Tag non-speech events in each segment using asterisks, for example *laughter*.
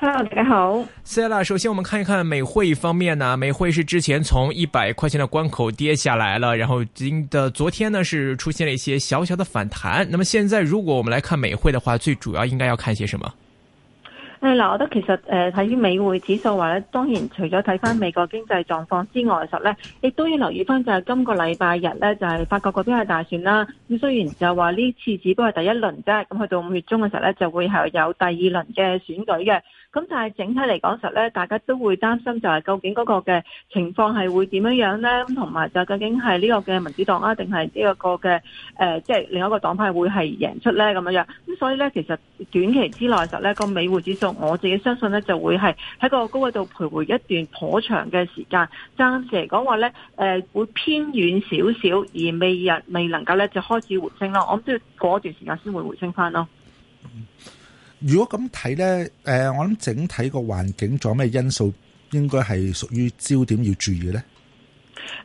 Hello，大家好 Stella，首先，我們看一看美匯方面呢、啊，美匯是之前從一百塊錢的關口跌下來了，然後今的昨天呢是出現了一些小小的反彈。那麼現在如果我們來看美匯的話，最主要應該要看些什麼？誒，嗱，我覺得其實誒，睇、呃、美匯指數話呢，當然除咗睇翻美國經濟狀況之外嘅時候呢，亦都要留意翻就係今個禮拜日呢，就係、是、法國嗰邊嘅大選啦。咁雖然就話呢次只不過係第一輪啫，咁去到五月中嘅時候呢，就會係有第二輪嘅選舉嘅。咁但係整體嚟講實咧，大家都會擔心就係究竟嗰個嘅情況係會點樣樣咧，同埋就究竟係呢個嘅民主黨啊，定係呢個個嘅誒，即係另一個黨派會係贏出咧咁樣樣。咁所以咧，其實短期之內實咧，個美匯指數，我自己相信咧就會係喺個高位度徘徊一段頗長嘅時間。暫時嚟講話咧，誒會偏遠少少，而未日未能夠咧就開始回升咯。我諗都要過一段時間先會回升翻咯。嗯如果咁睇咧，誒、呃、我諗整體個環境仲有咩因素應該係屬於焦點要注意嘅咧？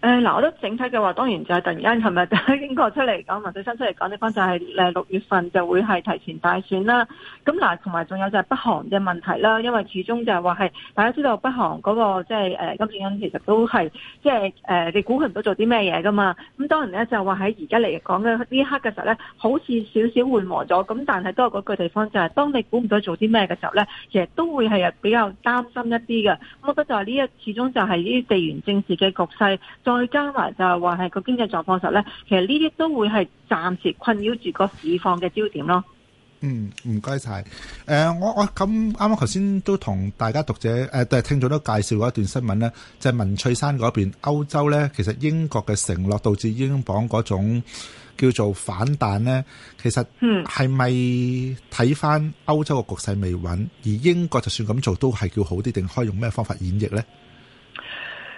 誒嗱、呃，我覺得整體嘅話，當然就係突然間琴日就喺英國出嚟講，或者新出嚟講，呢方就係誒六月份就會係提前大選啦。咁嗱，同埋仲有就係北韓嘅問題啦，因為始終就係話係大家知道北韓嗰、那個即係誒金正恩其實都係即係誒你估佢唔到做啲咩嘢噶嘛。咁當然咧就話喺而家嚟講嘅呢刻嘅時候咧，好似少少緩和咗。咁但係都係嗰句地方就係、是，當你估唔到做啲咩嘅時候咧，其實都會係比較擔心一啲嘅。咁覺得就係呢一始終就係呢啲地緣政治嘅局勢。再加埋就係話係個經濟狀況實咧，其實呢啲都會係暫時困擾住個市況嘅焦點咯。嗯，唔該晒。誒、呃，我我咁啱啱頭先都同大家讀者誒、呃，聽咗都介紹咗一段新聞咧，就係、是、文翠珊嗰邊歐洲咧，其實英國嘅承諾導致英鎊嗰種叫做反彈咧，其實係咪睇翻歐洲嘅局勢未穩？而英國就算咁做，都係叫好啲，定可以用咩方法演繹咧？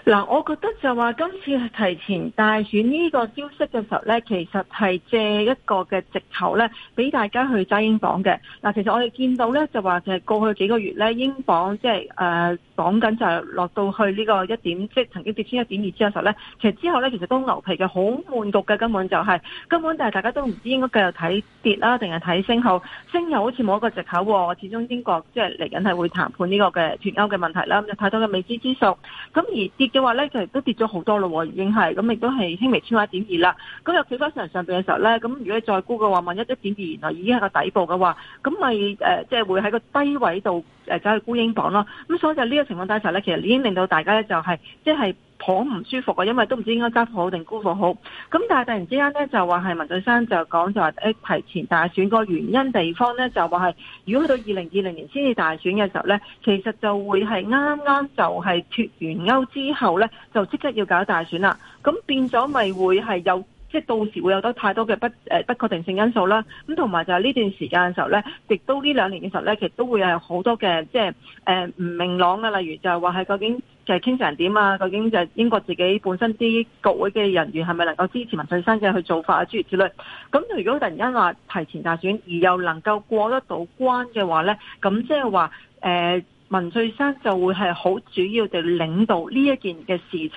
嗱、嗯，我覺得就話今次係提前大選呢個消息嘅時候呢，其實係借一個嘅藉口呢，俾大家去揸英鎊嘅。嗱、嗯，其實我哋見到呢，就話就係過去幾個月呢，英鎊即係誒講緊就係、是呃、落到去呢個一點，即係曾經跌穿一點二之後呢，其實之後呢，其實都牛皮嘅，好悶局嘅根本就係根本、就是，但係大家都唔知應該繼續睇跌啦，定係睇升後？升後好升又好似冇一個藉口喎。始終英國即係嚟緊係會談判呢個嘅脫歐嘅問題啦，咁就太多嘅未知之數。咁、嗯、而跌。你話咧，其實都跌咗好多咯，已經係咁，亦都係輕微穿咗一點二啦。咁又企翻上上邊嘅時候咧，咁如果再沽嘅話，萬一一點二原來已經係個底部嘅話，咁咪誒，即、呃、係、就是、會喺個低位度誒走去沽英鎊咯。咁所以就呢個情況底下咧，其實已經令到大家咧就係即係。就是好唔舒服啊，因為都唔知應該執好定沽好好，咁但係突然之間呢，就話係文翠珊就講就話誒提前大選個原因地方呢，就話係如果去到二零二零年先至大選嘅時候呢，其實就會係啱啱就係脫完歐之後呢，就即刻要搞大選啦，咁變咗咪會係有。即係到時會有得太多嘅不誒不確定性因素啦，咁同埋就係呢段時間嘅時候咧，亦都呢兩年嘅時候咧，其實都會有好多嘅即係誒唔明朗嘅，例如就係話係究竟嘅傾成點啊，究竟就係英國自己本身啲國會嘅人員係咪能夠支持文翠珊嘅去做法啊、諸如此類。咁如果突然間話提前大選，而又能夠過得到關嘅話咧，咁即係話誒。呃文翠珊就會係好主要嘅領導呢一件嘅事情，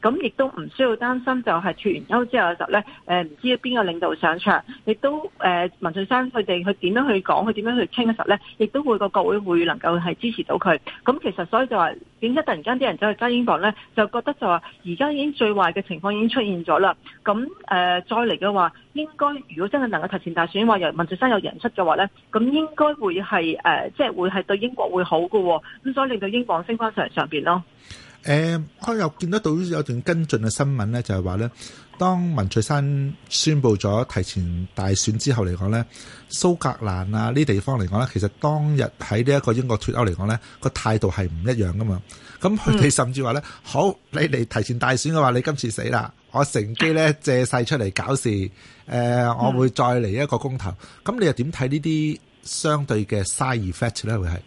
咁亦都唔需要擔心就係脫完歐之後嘅時候咧。誒唔知邊個領導上場，亦都誒、呃、文翠珊佢哋去點樣去講，佢點樣去傾嘅時候咧，亦都會個國會會能夠係支持到佢。咁其實所以就話點解突然間啲人走去揸英鎊咧，就覺得就話而家已經最壞嘅情況已經出現咗啦。咁誒、呃、再嚟嘅話。應該如果真係能夠提前大選話，由文翠珊有贏出嘅話咧，咁應該會係誒，即係會係對英國會好嘅喎，咁所以令到英鎊升翻上上邊咯。誒、呃，我又見得到有段跟進嘅新聞咧，就係話咧，當文翠珊宣布咗提前大選之後嚟講咧，蘇格蘭啊呢地方嚟講咧，其實當日喺呢一個英國脱歐嚟講咧，個態度係唔一樣嘅嘛。咁佢哋甚至話咧，嗯、好，你嚟提前大選嘅話，你今次死啦！我乘機咧借勢出嚟搞事，誒、呃、我會再嚟一個公投，咁、嗯、你又點睇呢啲相對嘅 side effect 咧？會係。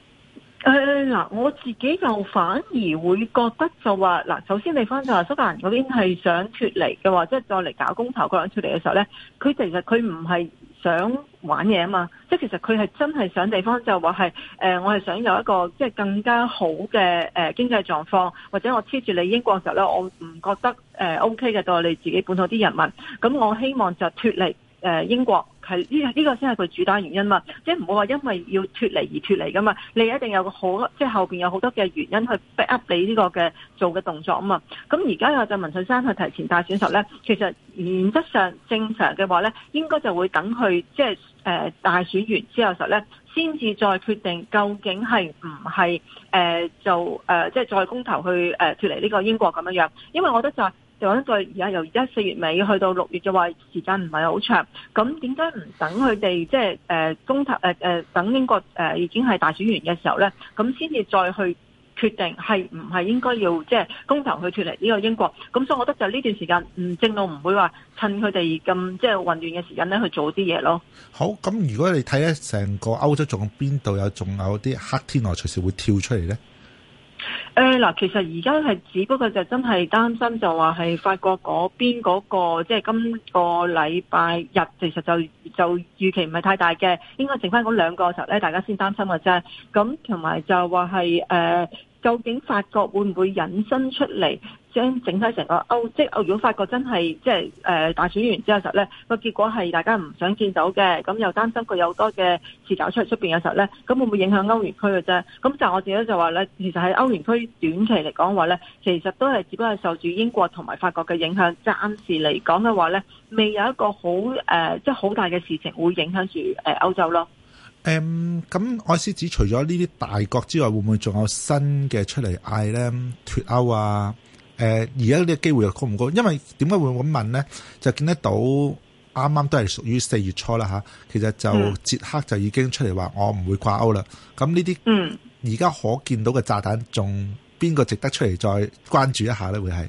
嗱、呃，我自己又反而會覺得就話嗱，首先地方就話蘇格蘭嗰邊係想脫離嘅話，即係再嚟搞公投嗰樣脫離嘅時候咧，佢其實佢唔係想玩嘢啊嘛，即、係、其實佢係真係想地方就話係、呃、我係想有一個即更加好嘅經濟狀況，或者我黐住你英國嘅時候咧，我唔覺得 OK 嘅對你自己本土啲人民，咁我希望就脫離英國。係呢，呢個先係佢主打原因嘛，即係唔會話因為要脫離而脫離噶嘛，你一定有個好，即係後邊有好多嘅原因去 back up 你呢個嘅做嘅動作啊嘛。咁而家有就文順生去提前大選時候咧，其實原則上正常嘅話咧，應該就會等佢即係誒、呃、大選完之後時候咧，先至再決定究竟係唔係誒就誒、呃、即係再公投去誒、呃、脫離呢個英國咁樣樣。因為我覺得就係。就一個而家由而家四月尾去到六月嘅話，時間唔係好長。咁點解唔等佢哋即係誒公投誒誒等英國誒、呃、已經係大選完嘅時候咧，咁先至再去決定係唔係應該要即係、就是、公投去脫離呢個英國？咁所以，我覺得就呢段時間唔正路唔會話趁佢哋咁即係混亂嘅時間咧去做啲嘢咯。好，咁如果你睇咧成個歐洲仲邊度有仲有啲黑天鵝隨時會跳出嚟咧？誒嗱、呃，其實而家係只不過就真係擔心就話係法國嗰邊嗰、嗰個，即係今個禮拜日，其實就就預期唔係太大嘅，應該剩翻嗰兩個時候咧，大家先擔心嘅啫。咁同埋就話係誒，究竟法國會唔會引申出嚟？將整體成個歐即係歐。如果法國真係即係誒、呃、大選完之後，時候呢個結果係大家唔想見到嘅，咁又擔心佢有多嘅事搞出出邊嘅時候呢，咁會唔會影響歐元區嘅啫？咁就我自己就話呢，其實喺歐元區短期嚟講話呢，其實都係只不過係受住英國同埋法國嘅影響，暫時嚟講嘅話呢，未有一個好誒，即係好大嘅事情會影響住歐洲咯。咁、嗯，愛斯指除咗呢啲大國之外，會唔會仲有新嘅出嚟嗌呢脱歐啊？誒而家呢個機會又高唔高？因為點解會咁問咧？就見得到啱啱都係屬於四月初啦嚇，其實就捷克就已經出嚟話我唔會掛鉤啦。咁呢啲而家可見到嘅炸彈，仲邊個值得出嚟再關注一下咧？會係？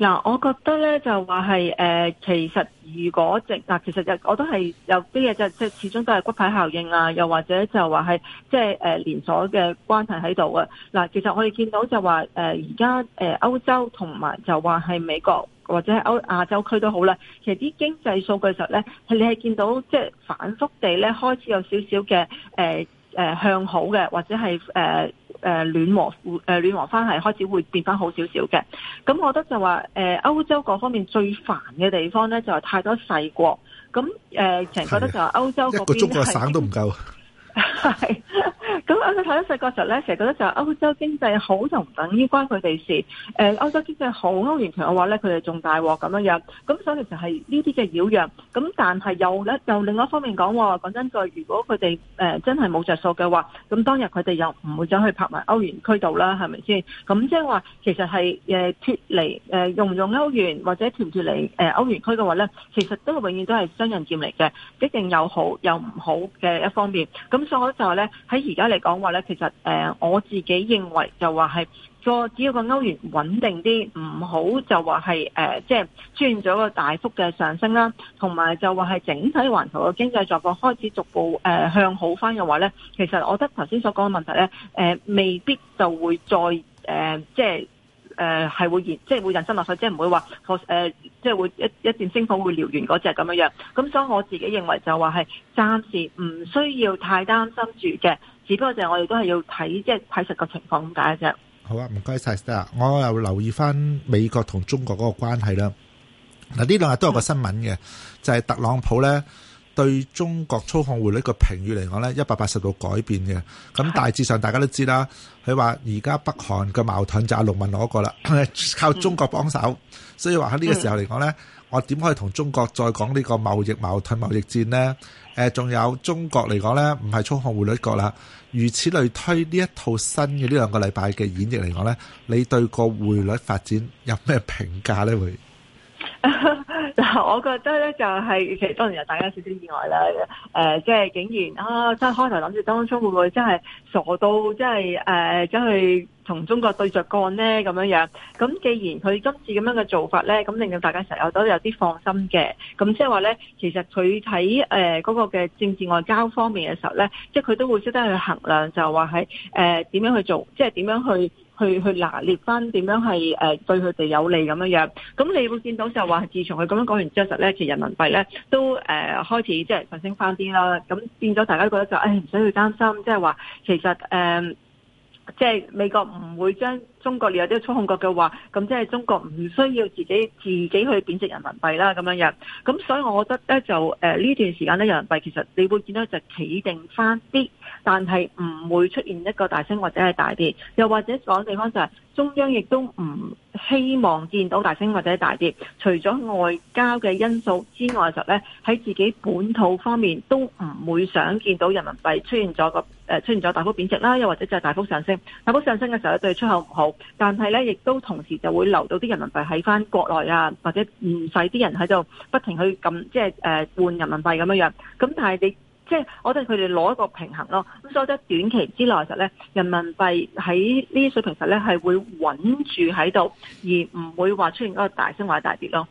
嗱、嗯，我覺得咧就話係誒，其實如果值，嗱，其實又我都係有啲嘢就即、係、始終都係骨牌效應啊，又或者就話係即誒連鎖嘅關係喺度啊。嗱、嗯，其實我哋見到就話誒，而家誒歐洲同埋就話係美國或者歐亞洲區都好啦，其實啲經濟數據實咧係你係見到即反覆地咧開始有少少嘅誒誒向好嘅，或者係誒，呃誒、呃，暖和，誒、呃，暖和翻係開始會變翻好少少嘅。咁我覺得就話，誒、呃，歐洲各方面最煩嘅地方咧，就係、是、太多細國。咁誒，成、呃、覺得就係歐洲嗰邊係。一個中國省都唔夠。係，咁我先睇得細個時候咧，成日覺得就係歐洲經濟好就唔等於關佢哋事。誒、呃，歐洲經濟好歐元強嘅話咧，佢哋仲大鑊咁樣樣。咁所以其實係呢啲嘅擾攘。咁但係又咧，又另外一方面講，講真再，如果佢哋誒真係冇着數嘅話，咁當日佢哋又唔會走去拍埋歐元區度啦，係咪先？咁即係話，其實係誒脱離誒用唔用歐元或者脫離、呃、歐誒歐元區嘅話咧，其實都永遠都係雙刃劍嚟嘅，一定有好有唔好嘅一方面。咁咁所以就係咧，喺而家嚟講話咧，其實誒、呃、我自己認為就話係，個只要個歐元穩定啲，唔好就話係即係出現咗個大幅嘅上升啦，同埋就話係整體環球嘅經濟狀況開始逐步、呃、向好翻嘅話咧，其實我覺得頭先所講嘅問題咧、呃，未必就會再誒即係。呃即係誒係、呃、會延，即係會滲入去，即係唔會話破誒，即係會一一箭星火會燎原嗰隻咁樣樣。咁、嗯、所以我自己認為就話係暫時唔需要太擔心住嘅，只不過就係我哋都係要睇即係睇實個情況咁解嘅啫。好啊，唔該晒。Stella 我又留意返美國同中國嗰個關係啦。嗱、啊，呢兩日都有一個新聞嘅，嗯、就係特朗普咧。對中國操控匯率嘅評語嚟講呢，一百八十度改變嘅。咁大致上大家都知啦，佢話而家北韓嘅矛盾就係盧文攞過啦，靠中國幫手，嗯、所以話喺呢個時候嚟講呢、嗯、我點可以同中國再講呢個貿易矛盾、貿易戰呢？誒、呃，仲有中國嚟講呢唔係操控匯率國啦。如此類推，呢一套新嘅呢兩個禮拜嘅演繹嚟講呢，你對個匯率發展有咩評價呢？會？ *laughs* *laughs* 我覺得咧就係、是、其實當然大家少少意外啦、呃，即係竟然啊，真係開頭諗住當初會唔會真係傻到即、呃、真係誒係。同中國對着幹呢，咁樣樣，咁既然佢今次咁樣嘅做法呢，咁令到大家成日有都有啲放心嘅，咁即係話呢，其實佢喺嗰個嘅政治外交方面嘅時候呢，即係佢都會識得去衡量就係，就話係點樣去做，即係點樣去去去拿捏翻點樣係、呃、對佢哋有利咁樣樣。咁你會見到就話，自從佢咁樣講完之後呢，其實人民幣呢都、呃、開始即係上升翻啲啦。咁變咗大家覺得就誒唔使去擔心，即係話其實、呃即係美國唔會將中國列入啲操控國嘅話，咁即係中國唔需要自己自己去貶值人民幣啦，咁樣樣。咁所以我覺得咧就呃，呢段時間咧人民幣其實你會見到就企定翻啲。但係唔會出現一個大升或者係大跌，又或者講地方就係中央亦都唔希望見到大升或者大跌。除咗外交嘅因素之外嘅時候咧，喺自己本土方面都唔會想見到人民幣出現咗個出現咗大幅貶值啦，又或者就係大幅上升。大幅上升嘅時候對出口唔好，但係咧亦都同時就會留到啲人民幣喺返國內啊，或者唔使啲人喺度不停去撳，即係誒換人民幣咁樣樣。咁但係你。即係我哋佢哋攞一個平衡咯，咁所以短期之內實咧，人民幣喺呢啲水平實咧係會穩住喺度，而唔會話出現一個大升或大跌咯。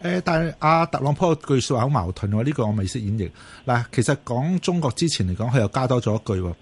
呃、但係阿、啊、特朗普句説話好矛盾喎、哦，呢、呢個我未識演繹。嗱，其實講中國之前嚟講，佢又加多咗一句，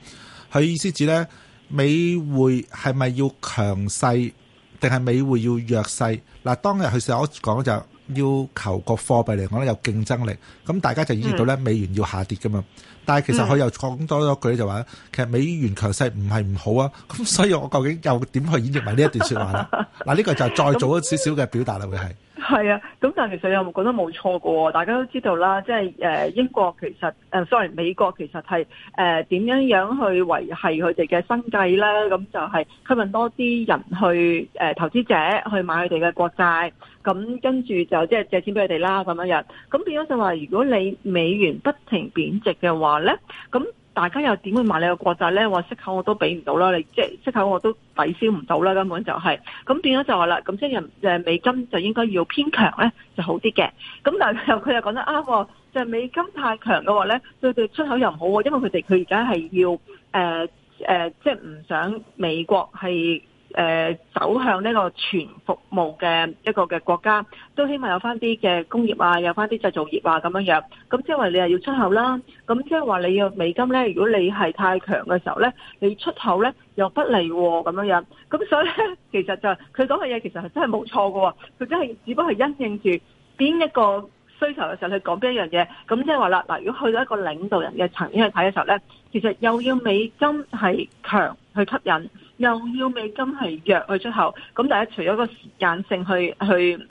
佢意思指咧美匯係咪要強勢，定係美匯要弱勢？嗱，當日佢所講就是。要求個貨幣嚟講咧有競爭力，咁大家就演繹到咧美元要下跌噶嘛。嗯、但係其實佢又講多咗句就話其實美元強勢唔係唔好啊。咁所以我究竟又點去演繹埋呢一段說話啦，嗱，呢 *laughs* 個就再做一少少嘅表達啦，會係。係啊，咁但係其實你有冇覺得冇錯過？大家都知道啦，即係英國其實誒、嗯、sorry 美國其實係誒點樣樣去維係佢哋嘅生計咧？咁就係吸引多啲人去誒投資者去買佢哋嘅國債，咁跟住就即係借錢俾佢哋啦咁樣樣。咁變咗就話，如果你美元不停貶值嘅話咧，咁。大家又點會買你個國債咧？話息口我都俾唔到啦，你即係息口我都抵消唔到啦，根本就係、是、咁變咗就話啦，咁即係美金就應該要偏強咧就好啲嘅。咁但係佢又講得啱喎，就係美金太強嘅話咧，對佢出口又唔好喎，因為佢哋佢而家係要、呃呃、即係唔想美國係。誒走向呢個全服務嘅一個嘅國家，都希望有翻啲嘅工業啊，有翻啲製造業啊咁樣樣。咁即係話你又要出口啦，咁即係話你要美金呢，如果你係太強嘅時候呢，你出口呢，又不利啊咁樣樣。咁所以呢，其實就佢講嘅嘢其實係真係冇錯嘅喎。佢真係只不過係因應住邊一個。需求嘅時候，佢講邊一樣嘢？咁即係話啦，嗱，如果去到一個領導人嘅層面去睇嘅時候咧，其實又要美金係強去吸引，又要美金係弱去出口。咁但係除咗個時間性去去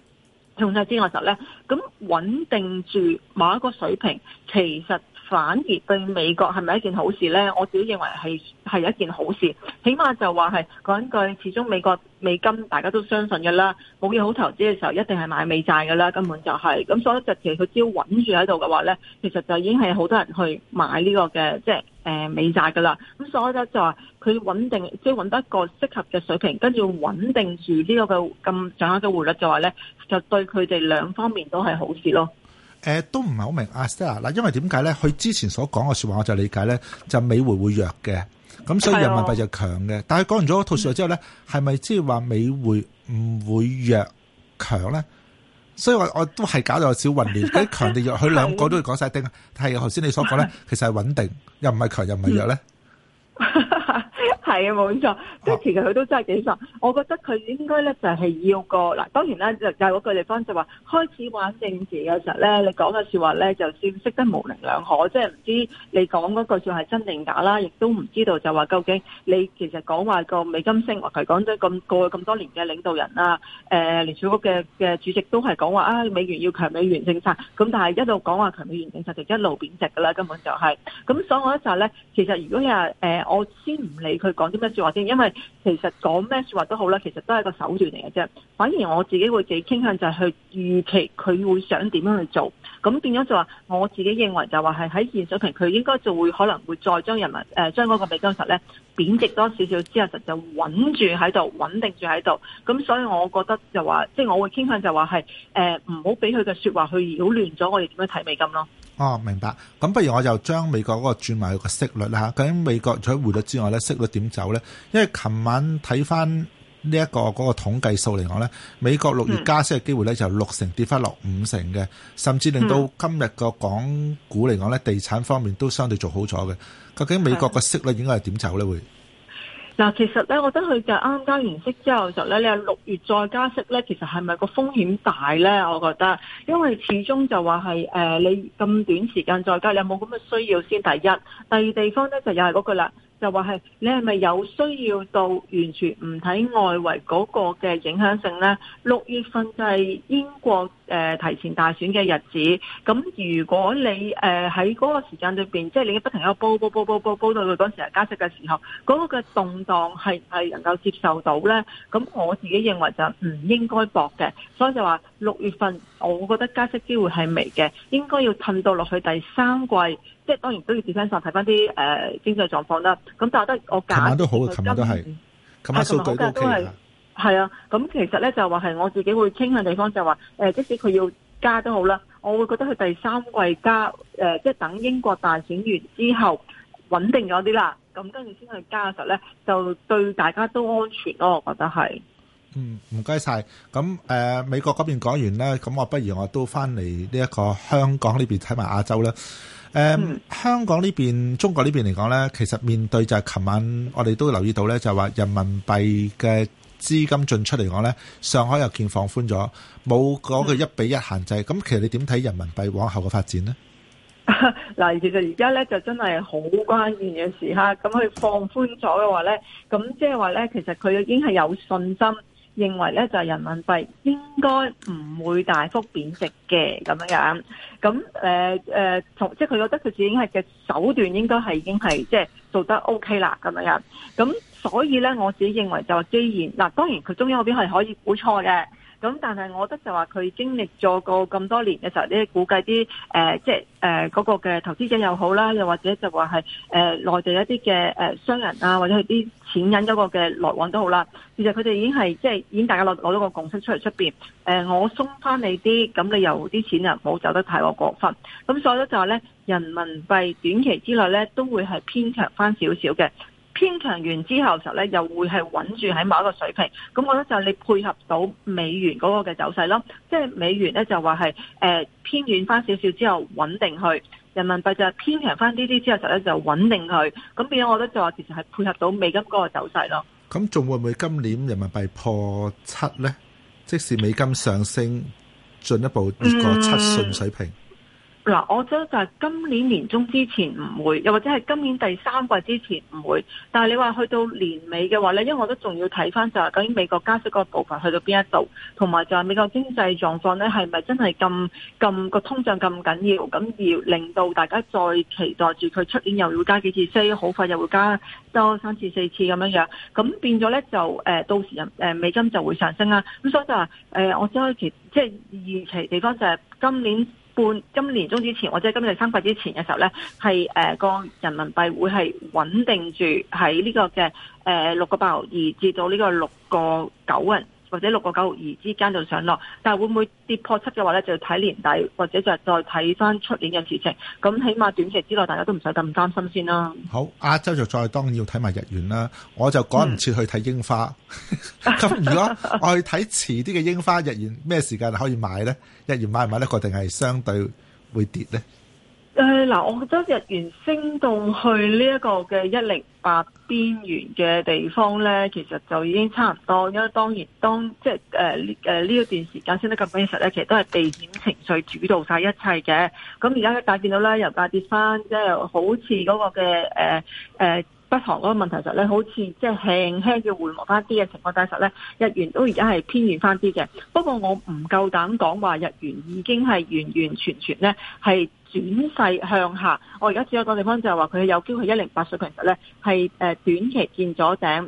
控制之外嘅時候咧，咁穩定住某一個水平，其實。反而對美國係咪一件好事呢？我自己認為係一件好事，起碼就話係講句，嗰個、始終美國美金大家都相信嘅啦，冇嘢好投資嘅時候一定係買美債嘅啦，根本就係咁。所以就其實佢只要穩住喺度嘅話呢，其實就已經係好多人去買呢、呢個嘅即係美債嘅啦。咁所以就就話佢穩定，即係揾得一個適合嘅水平，跟住穩定住呢個嘅咁上下嘅匯率嘅話呢，就對佢哋兩方面都係好事咯。誒，都唔係好明啊，Stella 嗱，因為點解咧？佢之前所講嘅說話，我就理解咧，就美匯會弱嘅，咁所以人民幣就強嘅。但係講完咗套說話之後咧，係咪即係話美匯唔會弱強咧？所以我我都係搞到有少混亂，既強定弱，佢兩個都講晒定。但係頭先你所講咧，其實係穩定，又唔係強，又唔係弱咧。係啊，冇錯，即係其實佢都真係幾傻。我覺得佢應該咧就係要個嗱，當然啦，就就嗰個地方就話開始玩政治嘅時候咧，你講嘅說話咧就算識得模棱兩可，即係唔知你講嗰句算係真定假啦，亦都唔知道就話究竟你其實講話個美金升，話佢講咗咁過咁多年嘅領導人啊，誒聯儲局嘅嘅主席都係講話啊，美元要強美元政策，咁但係一路講話強美元政策就一路貶值㗎啦，根本就係、是。咁所以我覺得咧，其實如果係誒、呃，我先唔理佢。佢講啲咩說話先？因為其實講咩說話都好啦，其實都係一個手段嚟嘅啫。反而我自己會幾傾向就係去預期佢會想點樣去做。咁變咗就話，我自己認為就話係喺現水平，佢應該就會可能會再將人民誒將嗰個美金實咧貶值多少少之後，就就穩住喺度，穩定住喺度。咁所以我覺得就話，即係我會傾向就話係誒唔好俾佢嘅說話去擾亂咗我哋點樣睇美金咯。哦，明白。咁不如我就將美國嗰個轉埋個息率啦。究竟美國除咗匯率之外呢，息率點走呢？因為琴晚睇翻呢一個嗰個統計數嚟講呢，美國六月加息嘅機會呢，就六成跌翻落五成嘅，甚至令到今日個港股嚟講呢，地產方面都相對做好咗嘅。究竟美國嘅息率應該係點走呢？會？嗱，其實咧，我覺得佢就啱啱加完息之後就時候咧，你係六月再加息咧，其實係咪個風險大咧？我覺得，因為始終就話係誒，你咁短時間再加，你有冇咁嘅需要先？第一，第二地方咧就又係嗰句啦。就話係你係咪有需要到完全唔睇外圍嗰個嘅影響性呢？六月份就係英國誒提前大選嘅日子，咁如果你誒喺嗰個時間裏面，即係你不停有煲煲煲煲煲煲到佢嗰陣時加息嘅時候，嗰個嘅動盪係係能夠接受到呢？咁我自己認為就唔應該搏嘅，所以就話六月份我覺得加息機會係微嘅，應該要褪到落去第三季。即係當然都要睇翻晒睇翻啲誒經濟狀況啦。咁、呃、但係得我琴日都好，琴日都係，琴日數據都 OK 啦。係啊，咁其實咧就話係我自己會傾向地方就話誒、呃，即使佢要加都好啦，我會覺得佢第三季加誒、呃，即係等英國大選完之後穩定咗啲啦，咁跟住先去加嘅時候咧，就對大家都安全咯。我覺得係。嗯，唔該晒。咁誒、呃，美國嗰邊講完呢，咁我不如我都翻嚟呢一個香港呢邊睇埋亞洲啦。誒、呃，嗯、香港呢邊、中國呢邊嚟講呢，其實面對就係琴晚我哋都留意到呢，就係話人民幣嘅資金進出嚟講呢，上海又見放寬咗，冇嗰個一比一限制。咁、嗯、其實你點睇人民幣往後嘅發展呢？嗱，其實而家呢，就真係好關鍵嘅時刻。咁佢放寬咗嘅話呢，咁即係話呢，其實佢已經係有信心。認為咧就係人民幣應該唔會大幅貶值嘅咁樣樣，咁誒誒，即係佢覺得佢自己係嘅手段應該係已經係即係做得 OK 啦咁樣樣，咁所以咧我自己認為就係既然嗱，當然佢中央嗰邊係可以估錯嘅。咁但係我覺得就話佢經歷咗個咁多年嘅時候咧，你估計啲誒即係誒嗰個嘅投資者又好啦，又或者就話係誒內地一啲嘅誒商人啊，或者係啲錢引咗個嘅來往都好啦。其實佢哋已經係即係已經大家攞攞到個共識出嚟出面。誒、呃，我鬆翻你啲，咁你由啲錢唔好走得太過過分。咁所以咧就話咧，人民幣短期之內咧都會係偏強翻少少嘅。偏強完之後時候咧，又會係穩住喺某一個水平，咁我覺得就係你配合到美元嗰個嘅走勢咯，即係美元咧就話係誒偏軟翻少少之後穩定去，人民幣就係偏強翻啲啲之後咧就穩定去，咁變咗我覺得就話其實係配合到美金嗰個走勢咯。咁仲會唔會今年人民幣破七咧？即使美金上升，進一步跌過七訊水平。嗯嗱，我得就係今年年中之前唔會，又或者係今年第三季之前唔會。但係你話去到年尾嘅話咧，因為我都仲要睇翻就係究竟美國加息個部分去到邊一度，同埋就係美國經濟狀況咧，係咪真係咁咁個通脹咁緊要？咁要令到大家再期待住佢出年又要加幾次息，好快又會加多三次四次咁樣樣。咁變咗咧就誒、呃，到時人誒、呃、美金就會上升啦。咁所以就係、是呃、我只可以期即係預期地方就係今年。半今年中之前，或者今年三季之前嘅時候咧，係誒個人民幣會係穩定住喺呢個嘅誒六個八毫二，呃、82, 至到呢個六個九啊。或者六個九毫二之間就上落，但係會唔會跌破七嘅話咧，就要睇年底或者就係再睇翻出年嘅事情。咁起碼短期之內大家都唔使咁擔心先啦。好，亞洲就再當然要睇埋日元啦。我就趕唔切去睇櫻花。咁、嗯、 *laughs* 如果我去睇遲啲嘅櫻花，日元咩時間可以買咧？日元買唔買呢？確定係相對會跌咧？誒嗱、呃，我覺得日元升到去呢一個嘅一零八邊緣嘅地方咧，其實就已經差唔多。因為當然當，即係呢一段時間升得咁緊實咧，其實都係避險情緒主導曬一切嘅。咁而家大家見到咧，油價跌翻，即係好似嗰個嘅北韓嗰個問題就係、是、咧，好似即係輕輕要緩和翻啲嘅情況呢，但係實咧日元都而家係偏軟翻啲嘅。不過我唔夠膽講話日元已經係完完全全咧係轉勢向下。我而家只有一個地方就係話佢有機會一零八水平實咧係誒短期見咗頂，誒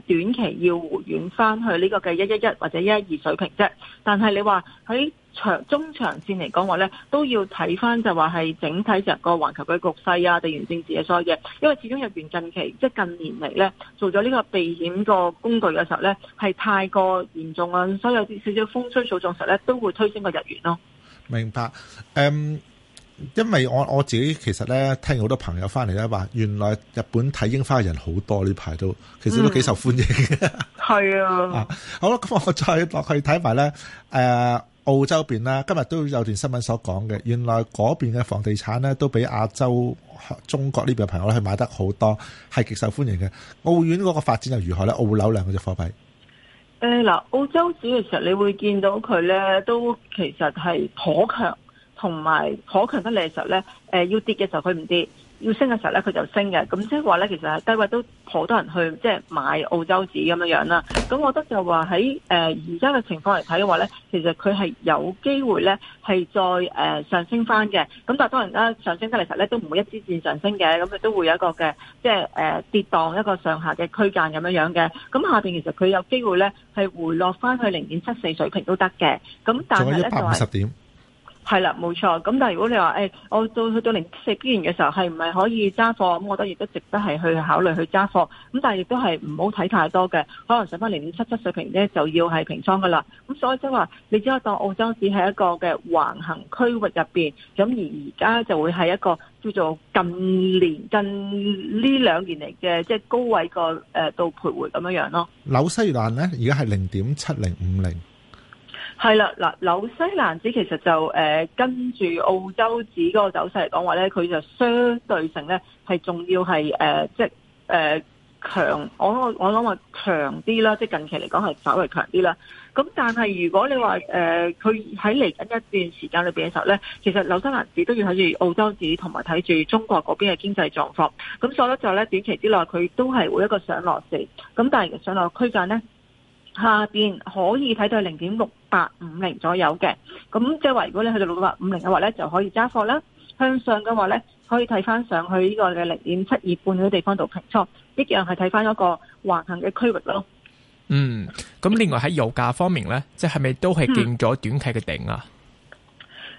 短期要遠回軟翻去呢個嘅一一一或者一一二水平啫。但係你話喺長中長線嚟講話咧，都要睇翻就話係整體成個環球嘅局勢啊、地緣政治嘅所有嘢，因為始終日元近期即係近年嚟咧做咗呢個避險個工具嘅時候咧，係太過嚴重啊，所以有啲少少風吹草動時候咧都會推升個日元咯。明白，嗯，因為我我自己其實咧聽好多朋友翻嚟咧話，原來日本睇櫻花嘅人好多，呢排都其實都幾受歡迎嘅。係、嗯、啊、啊，好啦，咁我再落去睇埋咧誒。呃澳洲邊啦，今日都有段新聞所講嘅，原來嗰邊嘅房地產咧都比亞洲、中國呢邊嘅朋友咧去買得好多，係極受歡迎嘅。澳元嗰個發展又如何咧？澳樓兩嗰隻貨幣？誒，嗱，澳洲，澳洲主要其實你會見到佢咧，都其實係頗強，同埋頗強得嚟嘅時候咧，誒，要跌嘅時候佢唔跌。要升嘅時候咧，佢就升嘅，咁即係話咧，其實低位都好多人去，即係買澳洲紙咁樣樣啦。咁我覺得就話喺誒而家嘅情況嚟睇嘅話咧，其實佢係有機會咧係再誒上升翻嘅。咁但係當然啦，上升得嚟實咧都唔會一支線上升嘅，咁佢都會有一個嘅即係誒跌宕一個上下嘅區間咁樣樣嘅。咁下面其實佢有機會咧係回落翻去零點七四水平都得嘅。咁但係咧就係。係啦，冇錯。咁但如果你話誒、欸，我到去到零四億元嘅時候，係唔係可以揸貨？咁我覺得亦都值得係去考慮去揸貨。咁但亦都係唔好睇太多嘅。可能上翻零點七七水平咧，就要係平倉噶啦。咁所以即係話，你只可以當澳洲市係一個嘅橫行區域入邊。咁而而家就會係一個叫做近年近呢兩年嚟嘅即係高位個誒、呃、度徘徊咁樣樣咯。紐西蘭咧，而家係零點七零五零。係啦，嗱，紐西蘭紙其實就誒跟住澳洲紙嗰個走勢嚟講話咧，佢就相對性咧係仲要係誒、呃、即係誒、呃、強，我我諗話強啲啦，即、係、近期嚟講係稍為強啲啦。咁但係如果你話誒佢喺嚟緊一段時間裏邊嘅時候咧，其實紐西蘭紙都要睇住澳洲紙同埋睇住中國嗰邊嘅經濟狀況。咁所以咧就咧短期之內佢都係會一個上落市。咁但係上落區間咧下邊可以睇到零點六。八五零左右嘅，咁即係話如果你去到六百五零嘅話呢，就可以揸貨啦。向上嘅話呢，可以睇翻上去呢個嘅零點七二半嘅地方度平倉，一樣係睇翻一個橫行嘅區域咯。嗯，咁另外喺油價方面呢，即係咪都係見咗短期嘅頂啊？嗯、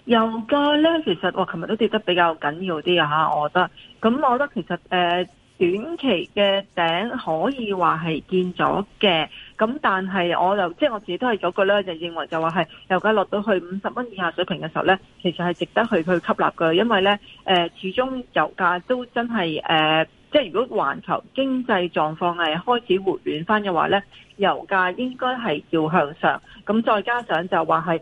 油價呢，其實我琴日都跌得比較緊要啲啊吓，我覺得。咁、嗯、我覺得其實誒、呃，短期嘅頂可以話係見咗嘅。咁但係，我就即係我自己都係嗰句咧，就認為就話係油價落到去五十蚊以下水平嘅時候咧，其實係值得去去吸納嘅，因為咧誒、呃，始終油價都真係誒、呃，即係如果環球經濟狀況係開始回暖翻嘅話咧，油價應該係要向上。咁再加上就話係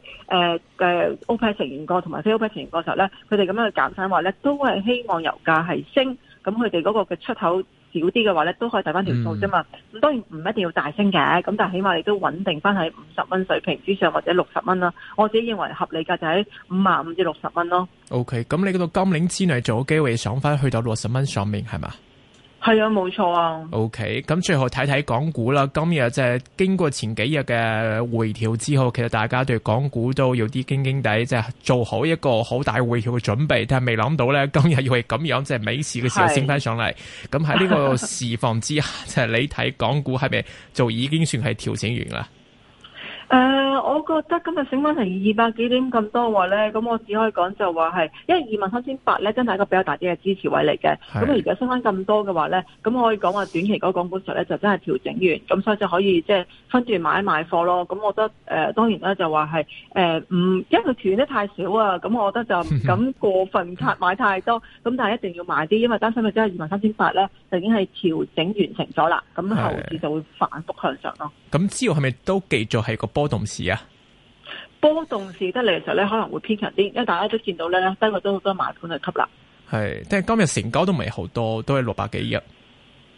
嘅，歐佩斯成員國同埋非歐佩斯成員國嘅時候咧，佢哋咁樣去減產話咧，都係希望油價係升。咁佢哋嗰個嘅出口。嗯、少啲嘅話咧，都可以睇翻條數啫嘛。咁當然唔一定要大升嘅，咁但係起碼你都穩定翻喺五十蚊水平之上或者六十蚊啦。我自己認為合理價就喺五十五至六十蚊咯。O K，咁你嗰個今年之內，仲有機會上翻去到六十蚊上面係嘛？係啊，冇錯啊。O K，咁最後睇睇港股啦。今日即係經過前幾日嘅回調之後，其實大家對港股都有啲驚驚地，即係做好一個好大回調嘅準備，但係未諗到咧，今日要係咁樣即係美市嘅時候升翻上嚟。咁喺呢個市況之下，即係 *laughs* 你睇港股係咪就已經算係調整完啦？誒。Uh, 我覺得今日升翻成二百幾點咁多話咧，咁我只可以講就話係，因為二萬三千八咧真係一個比較大啲嘅支持位嚟嘅。咁佢的而家升翻咁多嘅話咧，咁可以講話短期嗰個港股上咧就真係調整完，咁所以就可以即係分段買賣貨咯。咁我覺得、呃、當然咧就話係唔因為佢調得太少啊，咁我覺得就唔敢過分買太多，咁 *laughs* 但係一定要買啲，因為擔心佢真係二萬三千八咧，就已經係調整完成咗啦，咁後市就會反覆向上咯。咁之後係咪都繼續係個波動市？波動市得嚟嘅時候咧，可能會偏強啲，因為大家都見到咧，低位都好多買盤去吸納。係，但係今日成交都唔係好多，都係六百幾億。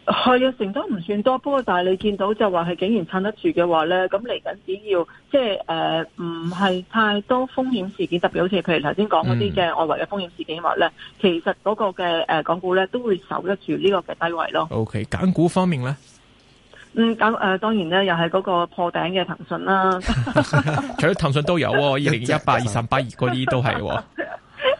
係啊，成交唔算多，不過但係你見到就話係竟然撐得住嘅話咧，咁嚟緊只要即係誒唔係太多風險事件，特別好似譬如頭先講嗰啲嘅外圍嘅風險事件話咧，嗯、其實嗰個嘅誒港股咧都會守得住呢個嘅低位咯。O K，揀股方面咧。嗯，咁誒，當然咧，又係嗰個破頂嘅騰訊啦。 *laughs* *laughs* 除咗騰訊都有、哦，二零一八、二三八二嗰啲都係。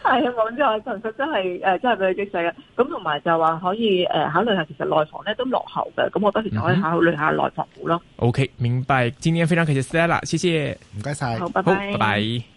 係咁之外，騰訊真係誒、呃，真係俾佢激死嘅。咁同埋就話可以誒、呃，考慮下其實內房咧都落後嘅。咁我當時就可以考慮下內房好咯。嗯、o、okay, K，明白。今天非常感謝 Stella 啦，謝謝。唔該晒。好，拜拜。